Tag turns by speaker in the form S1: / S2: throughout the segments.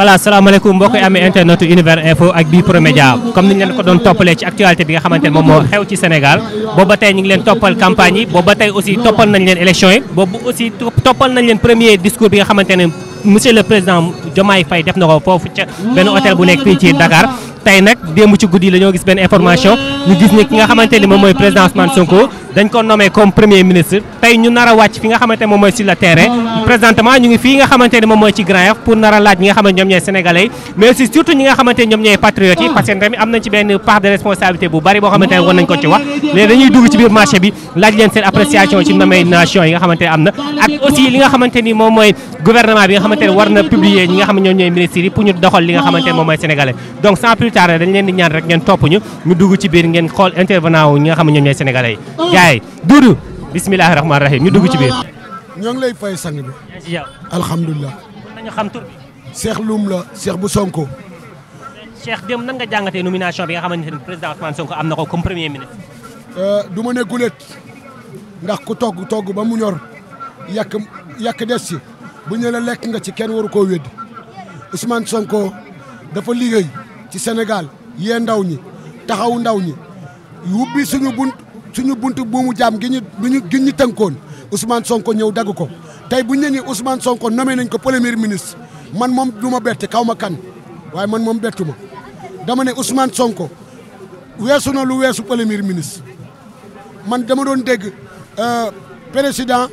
S1: voilà salaamaaleykum mbokk amee internet univers info ak bii promédia comme niñ leen ko doon toppalee ci actualité bi nga xamante ne moom moo xew ci Sénégal booba tey ñu ngi leen toppal campagne yi booba tey aussi toppal nañ leen élection yi boobu aussi toppal nañ leen premier discours bi nga xamante ne monsieur le président Diomaye Faye def na ko foofu ca benn hôtel bu nekk fii ci Dakar tey nag démb ci guddi la gis benn information ñu gis ne ki nga xamante ni moom mooy président Ousmane Sonko dañ ko nommé comme premier ministre tey ñu nar wàcc fi nga xamante ni moom mooy ci Grand Yoff pour nar laaj ñi nga xamante ñoom ñooy sénégalais yi yi parce que tamit am nañ ci benn part de responsabilité bu bari boo xamante ne war nañ ko ci wax léegi dañuy dugg ci biir marché bi laaj leen seen appréciation ci nomination yi nga xamante ne am na Caaroy dañ leen di ñaan rek ngeen topp ñu ñu dugg ci biir ngeen xool intervenant wu ñi nga xam ne ñoom ñooy sénégalais yi oh. gars yi duudu bismillahi rahmaani rahim ñu dugg ci biir ah,
S2: ñoo ngi lay fay sang bi alhamdulilah nañu xam tur bi Cheikh Loum la Cheikh bu Sonko
S1: Cheikh dem nan nga jàngatee nomination bi nga xamante ne président Ousmane Sonko am na
S2: ko comme premier ministre euh, du ma ne gulet ndax ku togg togg ba mu ñor yàq yàq des ci bu ñu la lekk nga ci kenn waru koo wéddi Ousmane ci Sénégal yee ndaw ñi taxaw ndaw ñi wubbi suñu bunt suñu bunt buumu jaam gi ñu gi ñu tënkoon Ousmane Sonko ñëw dagg ko tey bu ñu ne Ousmane Sonko nommé nañ ko premier ministre man moom du ma bette kaw ma kan waaye man moom bettu ma dama ne Ousmane Sonko weesu na lu weesu premier ministre man dama doon dégg euh, président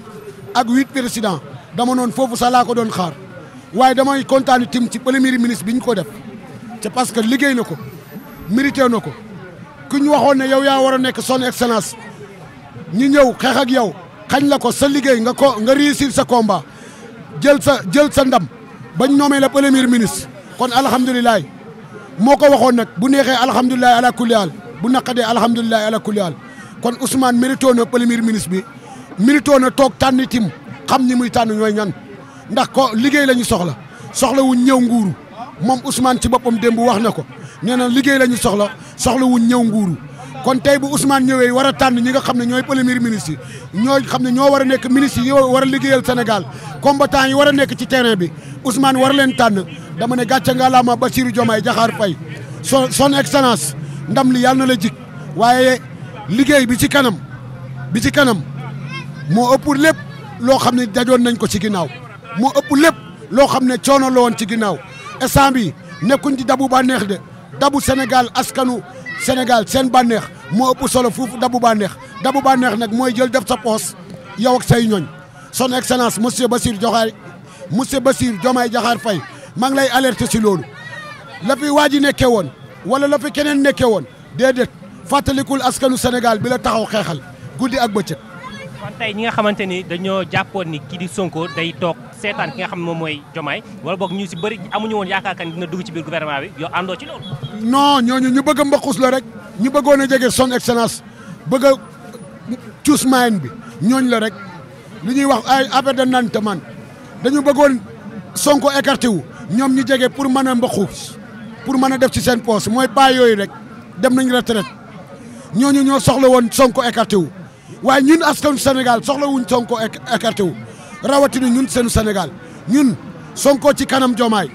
S2: ak huit président dama noon foofu sax ko doon xaar waaye damay kontaan tim ci premier ministre bi ñu ko def. c'est parce que liggéey na ko mérité na ko ku ñu waxoon ne yow yaa war a nekk son excellence ñu ñëw xeex ak yow xañ la ko sa liggéey nga ko nga réussir sa combat jël sa jël sa ndam bañ nommé la premier ministre kon alhamdulilah moo ko waxoon nag bu neexee alhamdulilah ala kulli bu naqadee alhamdulilah ala kulli haal kon Ousmane mérito na premier ministre bi mérito na toog tànn tim xam ñi muy tànn ñooy ñan ndax ko liggéey la soxla soxla wuñ ñëw nguuru moom Ousmane ci boppam démb wax na ko nee na liggéey la ñu soxla soxla wuñ ñëw nguuru kon tey bu Ousmane ñëwee war a tànn ñi nga xam ne ñooy premier ministre ñoo xam ne ñoo war a nekk ministre yi war a liggéeyal Sénégal combattant yi war a nekk ci terrain bi Ousmane war leen tànn dama ne gàcce nga laama Bassirou Diomaye Diakhar Faye son son excellence ndam li yàlla na la jik waaye liggéey bi ci kanam bi ci kanam moo ëpp lépp loo xam ne jajoon nañ ko ci ginnaaw moo ëpp lépp loo xam ne coono la woon ci ginnaaw instant bi nekkuñ ci dabu bànneex de dabu Sénégal askanu Sénégal seen bànneex moo ëpp solo foofu dabu bànneex dabu bànneex nag mooy jël def sa poos yow ak say ñoñ son excellence monsieur Bassirou Diomaye monsieur Bassirou Diomaye Diakhar Faye maa ngi lay alerter si loolu la waa ji nekkee woon wala la keneen nekkee woon déedéet fàttalikul askanu Sénégal bi la taxaw xeexal guddi ak bëccëg.
S1: kon tey ñi nga xamante ni dañoo jàppoon ni kii di Sonko day toog. seetaan ki nga xam moom mooy Jomaay wala boog ñu si bëri amuñu woon yaakaar kan dina dugg ci biir gouvernement bi yow àndoo ci loolu.
S2: non ñooñu ñu bëgg a mbaqus la rek ñu bëggoon a jege son excellence bëgg a cuus bi ñooñu la rek li ñuy wax ay affaire de nante man dañu bëggoon Sonko écarté wu ñoom ñu jege pour mën a mbaqus pour mën a def ci seen poste mooy paa yooyu rek dem nañ retraite ñooñu ñoo soxla woon Sonko écarté wu waaye ñun askan Sénégal soxla wuñ Sonko écarté wu rawatina ñun seenu Sénégal ñun Sonko ci kanam joomaay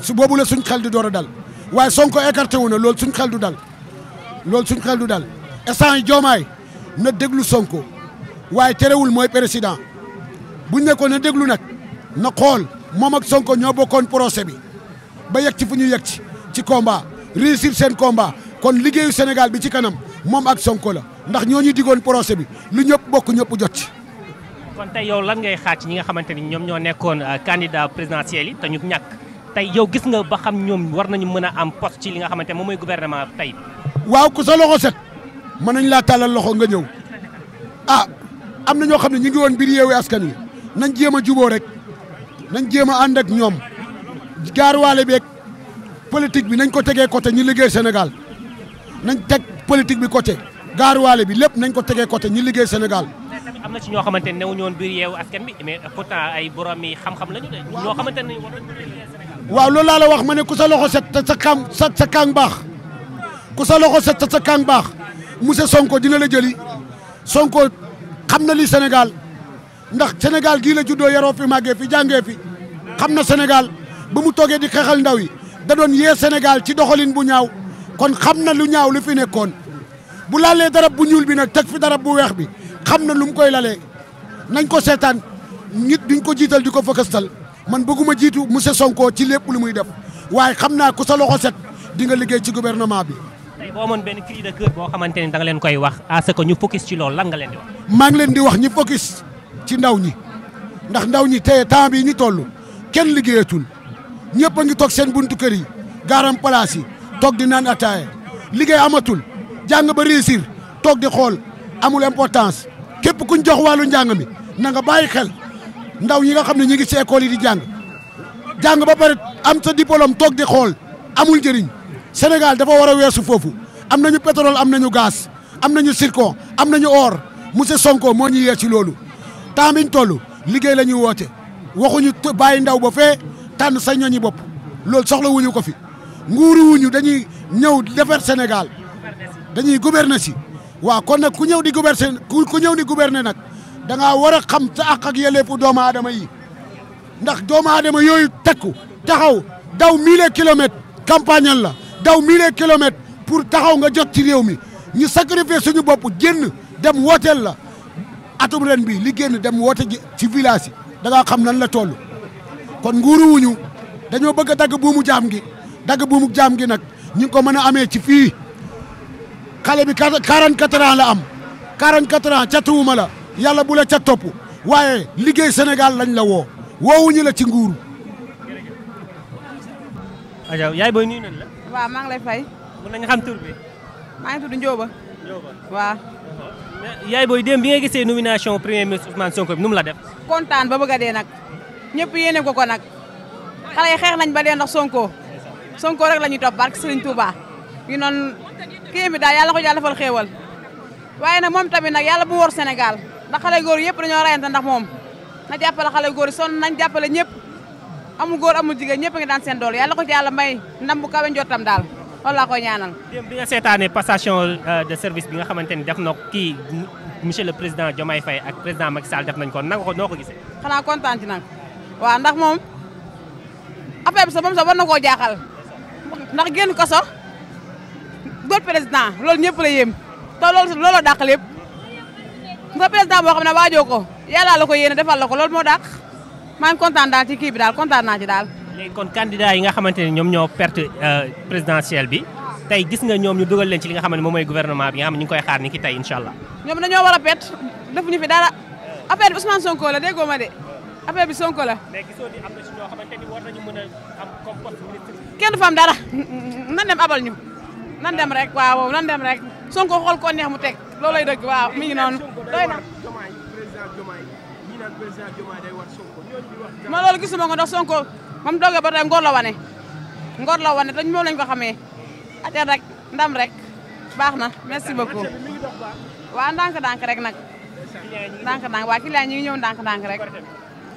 S2: su boobu la suñ xel di door a dal waaye Sonko écarté wu na loolu suñ xel du dal loolu suñ xel du dal instant yi Diomaye na déglu Sonko waaye terewul mooy président buñ ne ko na déglu nag na xool moom ak Sonko ñoo bokkoon procès bi ba yegg ci fu ñu yeg ci ci combat réussir seen combat kon liggéeyu Sénégal bi ci kanam moom ak Sonko la ndax ñoo ñu digoon procès bi lu ñëpp bokk ñëpp jot
S1: kon tey yow lan ngay xaar ci ñi nga xamante ni ñoom ñoo nekkoon euh, candidat présidentiel yi te ñu ñàkk tey yow gis nga ba xam ñoom war nañu mën a am poste ci li nga xamante ne moom mooy gouvernement tey.
S2: waaw ku sa loxo set mën nañ laa tàllal loxo nga ñëw ah am na ñoo xam ne ñu ngi woon biir yeewu askan wi nañ jéem a juboo rek nañ jéem a ànd ak ñoom gaaruwaale beeg politique bi nañ ko tegee te ñi liggéey Sénégal nañ teg politique bi côté gaaruwaale bi lépp nañ ko tegee côté ñi liggéey Sénégal.
S1: am na ci ñoo xamante ne newuñu woon biir yeewu askan bi mais pourtant ay borom yi xam-xam lañu de. xamante ne
S2: waaw loolu laa la wax ma ne ku sa loxo set sa kaam sa sa kaang baax ku sa loxo set sa kaang baax monsieur Sonko dina la jëli Sonko xam na li Sénégal ndax Sénégal gii la juddoo yaroo fi màggee fi jàngee fi xam na Sénégal ba mu toogee di xeexal ndaw yi da doon yee Sénégal ci doxalin bu ñaaw kon xam na lu ñaaw lu fi nekkoon bu laalee dara bu ñuul bi nag teg fi dara bu weex bi. xam na lu mu koy lalee nañ ko seetaan nit duñ ko jiital di ko fëkastal man bëgguma jiitu monsieur Sonko ci lépp lu muy def waaye xam naa ku sa loxo set di nga liggéey ci gouvernement bi.
S1: tey boo benn cri de cœur boo xamante ni da nga leen koy wax à ko que ñu focus ci loolu lan nga leen di wax.
S2: maa ngi leen di wax ñu focus ci ndaw ñi ndax ndaw ñi tey temps bii ñu toll kenn liggéeyatul ñëpp a toog seen buntu kër yi gaaram place yi toog di naan ataaya liggéey amatul jàng ba toog di xool amul importance képp kuñ jox wàllu njàng mi na nga bàyyi xel ndaw ñi nga xam ne ñu ngi ci école yi di jàng jàng ba pare am sa diplôme toog di xool amul njëriñ Sénégal dafa war a weesu foofu am nañu pétrole am nañu gaz am nañu zircon am nañu or monsieur Sonko moo ñu yee ci loolu temps biñ toll liggéey la ñuy woote waxuñu bàyyi ndaw ba fee tànn sa ñooñi bopp loolu soxla wuñu ko fi nguuru wuñu dañuy ñëw defar Sénégal dañuy gouverner si waaw kon nag ku ñëw di gouverner ku ñëw di gouverner nag da war a xam sa àq ak yelleefu doomu aadama yi ndax doomu aadama yooyu takku taxaw daw mille kilomètres campagne la daw mille kilomètres pour taxaw nga jot ci réew mi ñu sacrifier suñu bopp génn dem wooteel la atum ren bi li génn dem woote ji ci village yi da xam nan la toll kon nguuruwuñu dañoo bëgg a dagg buumu jaam gi dagg buumu jaam gi nag ñu ko mën a amee ci fii xale bi 44 ans la am 44 ans catuwuma la yàlla bula ca topp waaye liggéey senegal lañ la woo woowuñu la ci nguuru.
S1: ajaw yaay booy nuyu nañ la.
S3: waaw maa ngi lay fay. mën xam tur bi. maa ngi tudd Ndioba. Ndioba waaw.
S1: yaay booy démb bi nga gisee nomination premier ministre Ousmane Sonko bi nu mu la def.
S3: kontaan ba bëgg a dee nag ñëpp yéene ko ko nag xale yi xeex nañ ba dee ndax Sonko Sonko rek la ñuy topp barke Serigne Touba ñu noonu kii mi daal yàlla ko yàlla defal xéewal waaye nag moom tamit nag yàlla bu wor Sénégal ndax xale góor yëpp dañoo rayante ndax moom na jàppale xale góor yi sonn nañ jàppale ñëpp amul góor amul jigéen ñëpp a ngi daan seen dool yàlla ko ci yàlla may ndam bu kawe tam daal loolu laa koy ñaanal. démb
S1: bi nga seetaanee passation euh, de service bi nga xamante ni def na kii monsieur le président Diomaye Faye ak président Macky Sall def nañ ko nanga ko noo ko gisee.
S3: xanaa kontaan ci nag waaw ndax moom affaire bi sax koo jaaxal ndax génn ko góor président loolu ñëpp la yéem te loolu looloo dàq lépp nga président boo xam ne waajoo ko yàlla la defal la loolu moo dàq maa ngi kontaan daal ci kii bi daal kontaan naa ci daal.
S1: léegi kon candidat yi nga xamante ne ñoom ñoo perte euh, présidentielle bi tey gis nga ñoom ñu dugal leen ci li nga xam ne moom mooy gouvernement bi nga xam ne ñu ngi koy xaar ni ki tey incha
S3: ñoom dañoo war a pet defuñu fi dara affaire bi Ousmane Sonko la déggoo ma de a am comme ministre. kenn du fa nan dem rek waaw nan dem rek Sonko xool ko neex mu teg loolay dëgg waaw mi ngi noonu doy na
S4: ma loolu gisuma ko ndax Sonko
S3: moom doge ba tey ngor la wane ngoor la wane te moom lañ ko xamee atel rek ndam rek baax na merci beaucoup waaw ndànk-ndànk rek nag ndànk-ndànk waa client ñi ngi ñëw ndànk-ndànk rek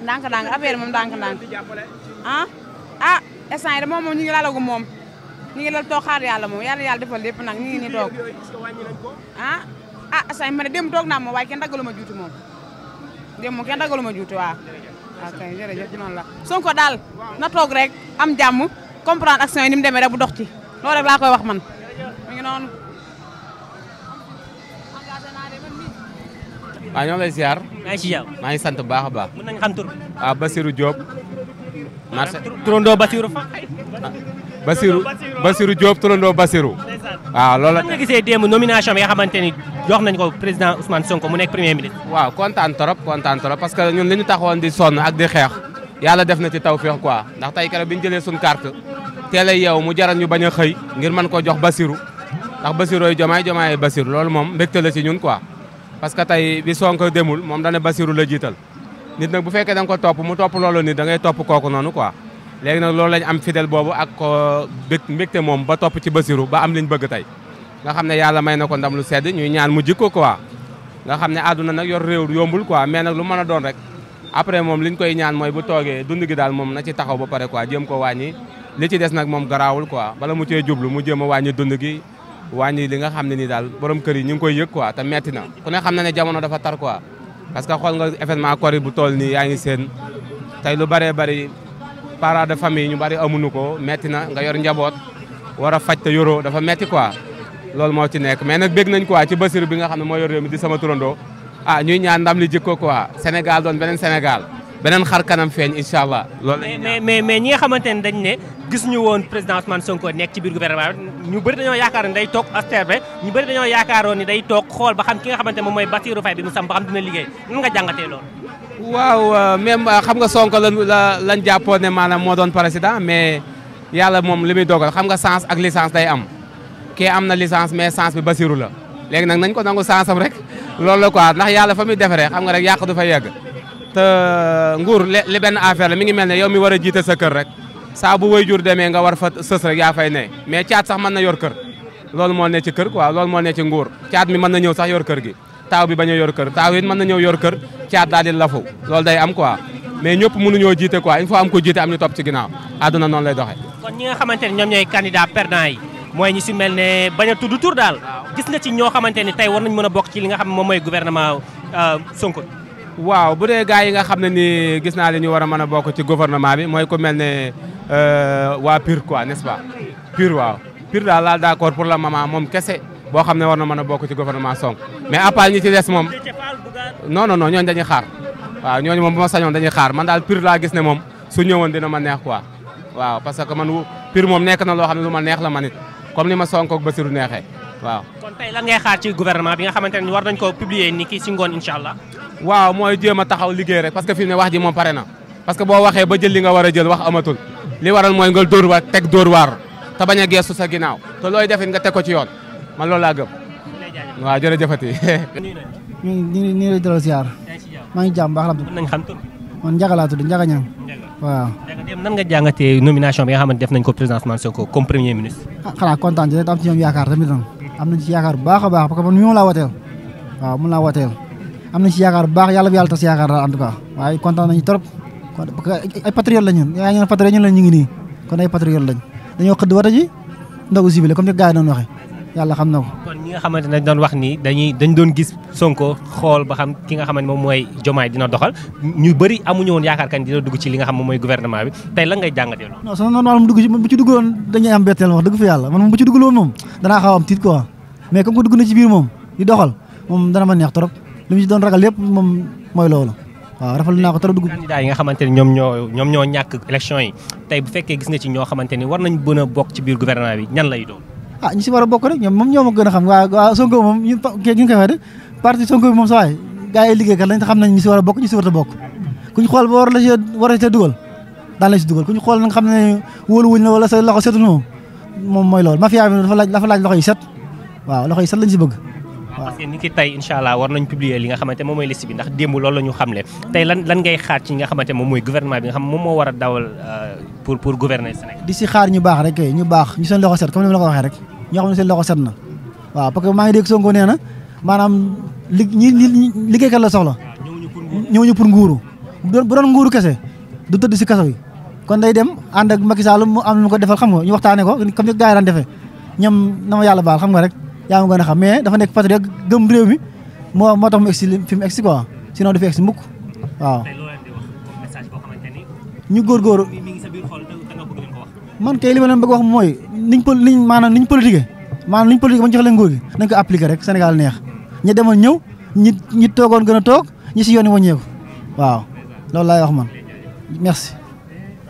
S3: ndànk-ndànk affaire moom ndànk-ndànk ah ah instant yi de moom moom ñu ngi moom ñu ngi lal toog xaar yàlla moom yàlla yàlla defal lépp nag ñu ngi ni toog ah ah say ma ne dem toog naa moom waaye kenn daggalu ma juuti moom kenn daggalu ma juuti ah, Sonko daal na toog rek am jàmm comprendre action yi ni mu deme rek bu dox ci loolu laa koy wax man mi ngi noonu waaw ñoo ngi maa ngi si maa ngi sant bu baax a baax.
S5: mën nañu xam tur. waaw ah, Basirou Diop. marché Basiru Basiru Diop turandoo Basiru. waaw ah, loolu la nga gisee démb nomination bi nga xamante ni jox nañ ko président Ousmane Sonko mu nekk premier ministre. waaw kontaan trop kontaan trop parce que ñun li ñu taxoon di son ak di xeex yàlla def na ci tawféex quoi ndax tey keroog bi ñu jëlee suñu carte teel a yeew mu jaral ñu bañ a xëy ngir mën koo jox Basiru ndax Basiru ay jomaay jomaay Basiru loolu moom mbégte la ci ñun quoi. parce que tey bi Sonko demul moom dana Basiru la jiital nit nag bu fekkee ko topp mu topp loolu nit da ngay topp kooku noonu quoi. léegi nag loolu lañ am fidèle boobu ak bég mbégte moom ba topp ci Basiru ba am liñ bëgg tey nga xam ne yàlla may na ko ndam lu sedd ñuy ñaan mu jikko quoi nga xam ne àdduna nag yor réew yombul quoi mais nag lu mën a doon rek après moom liñ koy ñaan mooy bu toogee dund gi daal moom na ci taxaw ba pare quoi jéem ko wàññi li ci des nag moom garaawul quoi bala mu cee jublu mu jéem a wàññi dund gi wàññi li nga xam ne nii daal borom kër yi ñu ngi koy yëg quoi te metti na ku ne xam na ne jamono dafa tar quoi parce que xool nga bu tool nii yaa ngi seen parents de famille ñu bari amuñu ko metti na nga yor njaboot war a faj te yoroo dafa metti quoi loolu moo ci nekk mais nag bég nañ quoi ci Bassirou bi nga xam ne moo yor réew mi di sama turandoo ah ñuy ñaan ndam li jikko quoi Sénégal doon beneen Sénégal beneen xar kanam feeñ incha allah. loolu
S1: mais mais ne dañ ne gis ñu woon président Ousmane Sonko nekk ci biir gouvernement ñu bëri dañoo yaakaar ne day toog asterbe ñu bëri dañoo yaakaaroon ni day toog xool ba xam ki nga xamante moom mooy Bassirou Faye
S5: waaw même euh, xam nga Sonko la la lañ jàppoon ne maanaam moo doon président mais yàlla moom li muy dogal xam nga sens ak licence day am kii am na licence mais sens bi Basirou la léegi nag nañ ko nangu sens rek loolu la quoi ndax yàlla fa muy defaree xam nga rek yàq du fa yegg te euh, nguur li benn affaire la mi ngi mel ne yow mi war a jiite sa kër rek saa bu jur demee nga war fa sës rek yaa fay ne mais caat sax mën na yor kër loolu moo ne ci kër quoi loolu moo ne nguur caat mi mën na ñëw sax yor kër gi taaw bi bañ a yor kër taaw yi mën na ñëw yor kër caat daal di lafu loolu day am quoi mais ñëpp mënuñoo jiite quoi il faut am ko jiite am ñu topp ci ginnaaw àdduna noonu lay doxee.
S1: kon ñi nga xamante ne ñoom ñooy candidat perdant yi mooy ñi si mel ne bañ a tudd tur daal gis nga ci ñoo xamante ni tey war nañ mën a bokk ci li nga xam ne moom mooy gouvernement euh, Sonko.
S5: waaw bu dee gars yi nga xam ne ni gis naa li ñu war a mën a bokk ci gouvernement bi mooy ku mel ne euh, waa PUR quoi n'est-ce pas PUR waaw PUR daal laal d'accord pour le moment moom kese boo xam ne war na mën a bokk ci gouvernement Sonko mais à part ñi ci des moom non non non ñooñu waaw ñooñu moom bu sañoon dañuy xaar man daal pire laa gis ne moom su ñëwoon dina ma neex quoi waaw parce que man pire moom nekk na loo xam ne lu ma neex la man it comme ni ma Sonko ak Bassirou neexee waaw. kon tey lan ngay xaar bi nga xamante ne war nañ koo publier ni ki si ngoon allah. waaw mooy jéem a taxaw liggéey rek parce que fi mu ne wax ji pare na parce que boo waxee ba jël li nga war a jël wax amatul li waral mooy nga dóor waar teg dóor waar te bañ a geesu sa ginnaaw te looy defit nga teg ko ci yoon man loolu laa gëm. waaw jërëjëfati.
S6: ñu ngi ñu ngi lay dalal ziar. maa ngi jàmm baax na. nañ xam tur. man Ndiaga laa tudd Ndiaga Niang.
S1: nga jàngatee nomination bi nga def nañ ko président Ousmane Sonko comme premier ministre.
S6: ah xanaa kontaan ci rek am ci ñoom yaakaar tamit nag. am nañ ci yaakaar bu baax a baax parce que man mi laa wateel. waaw mun laa wateel. am nañ ci yaakaar bu baax yàlla bu yàlla tas yaakaar daal en tout cas waaye kontaan nañu trop. ay patriote lañu ñun yaa ngi ñu ngi nii kon ay patriote lañ dañoo xëdd wata ji ndogu civilé comme yàlla xam na ko.
S1: kon ñi nga xamante ne doon wax ni dañuy doon gis Sonko xool ba xam ki nga xamante moom mooy Jomaay dina doxal ñu bëri amuñu woon yaakaar kan dina dugg ci li nga xam moom mooy gouvernement
S6: bi na ci biir moom di doxal moom dana ma neex trop li mu ci doon ragal mooy loolu. waaw rafetlu naa ko trop dugg
S1: nga xamante ni ñoom ñoo ñoo ñàkk élection yi tey bu fekkee gis nga ci ñoo xamante ni war nañ bën bokk ci biir gouvernement bi ñan lay doon
S6: ah ñu si war a bokk rek moom ñoo ma gën a xam waa waa Sonko moom ñun ñu si war a bokk ñu si war a bokk ku ñu xool ba war la si war a si dugal daan la si dugal ku ñu xool nga xam ne wóolu wuñ la wala sa loxo setul moom moom mooy loolu mafia bi dafa laaj dafa laaj loxo yi set waaw loxo yi set lañ si bëgg
S1: waaw parce que ni ki tey incha allah war nañ publier li nga xamante moom mooy liste bi ndax démb loolu la ñu xamle tey lan lan ngay xaar ci nga xamante moom mooy gouvernement bi nga xam moom moo war a dawal euh, pour pour gouverner
S6: di si xaar ñu baax rek ñu baax ñu seen loxo set comme ni ma la ko waxee rek ñoo xam ne seen loxo set na waaw parce que maa ngi dégg Sonko ko na maanaam li ñi ñi liggéeykat la soxla. Ah, ñëwuñu pour nguuru bu nguuru kese du tëdd si kaso kon day dem ànd ak Macky mu am lu ko defal xam nga ñu waxtaanee ko comme ni gars yi daan defee ñoom na ma yàlla baal xam nga rek yaa ma gën a xam mais dafa nekk patriote gëm réew mi moo moo tax mu egsi fi mu egsi quoi sinon du man kay li ma leen bëgg wax mooy niñ po liñ maanaam niñ politique maanaam liñ politique ba ñu jox leen nguur gi nañ ko appliquer rek Sénégal neex ñi demoon ñëw ñi ñi toogoon gën a toog ñi si yoon yi wàññeeku waaw loolu laay wax man merci.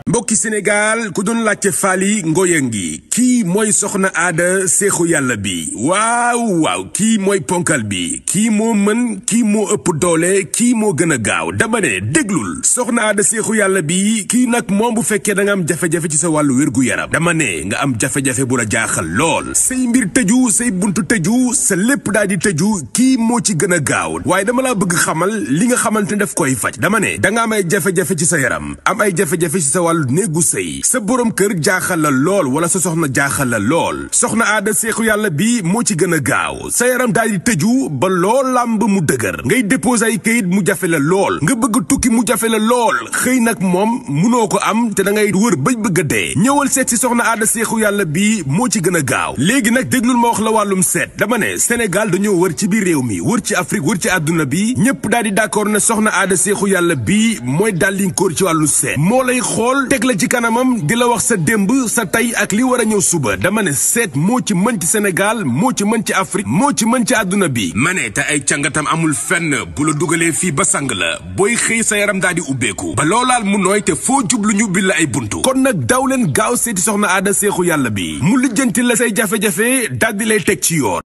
S4: mbokki Sénégal ku doon laajte Faly Ngoye ngi kii mooy soxna aada seexu yàlla bi waaw waaw kii mooy ponkal bi kii moo mën kii moo ëpp doole kii moo gën a gaaw dama ne déglul soxna aada seexu yàlla bi kii nag moom bu fekkee da nga am jafe-jafe ci sa wàllu wér yaram dama ne nga am jafe bu la jaaxal lool say mbir tëju say buntu tëju sa lépp daal di tëju kii moo ci gën a gaaw waaye dama laa bëgg xamal li nga xamante ne daf koy faj dama ne da nga am ay jafe-jafe ci sa yaram am ay jafe-jafe ci sa wàllu wàllu néegu sëy sa boroom kër jaaxal la lool wala sa soxna jaaxal la lool soxna aada seexu yàlla bi moo ci gën a gaaw sa yaram daal di tëju ba lool ba mu dëgër ngay déposer ay kayit mu jafe la lool nga bëgg tukki mu jafe la lool xëy nag moom munoo ko am te da ngay wër bëj bëgg dee ñëwal seet si soxna aada seexu yàlla bi moo ci gën a gaaw léegi nag déglul ma wax la wàllum seet dama ne Sénégal dañoo wër ci biir réew mi wër ci Afrique wër ci àdduna bi ñëpp daal di d'accord soxna aada seexu yàlla bi mooy dàllin kóor ci wàllu jël teg la ci kanamam di la wax sa démb sa tey ak li war a ñëw suba dama ne seet moo ci mën ci Sénégal moo ci mën ci Afrique moo ci mën ci àdduna bi ma ne te ay càngatam amul fenn bu la dugalee fii ba sang la booy xëy sa yaram daal di ubbeeku ba loolaal mu nooy te foo jublu ñu bi la ay buntu kon nag daw leen gaaw seeti soxna aada seexu yàlla bi mu lijjanti la say jafe-jafe daal di lay teg ci yoon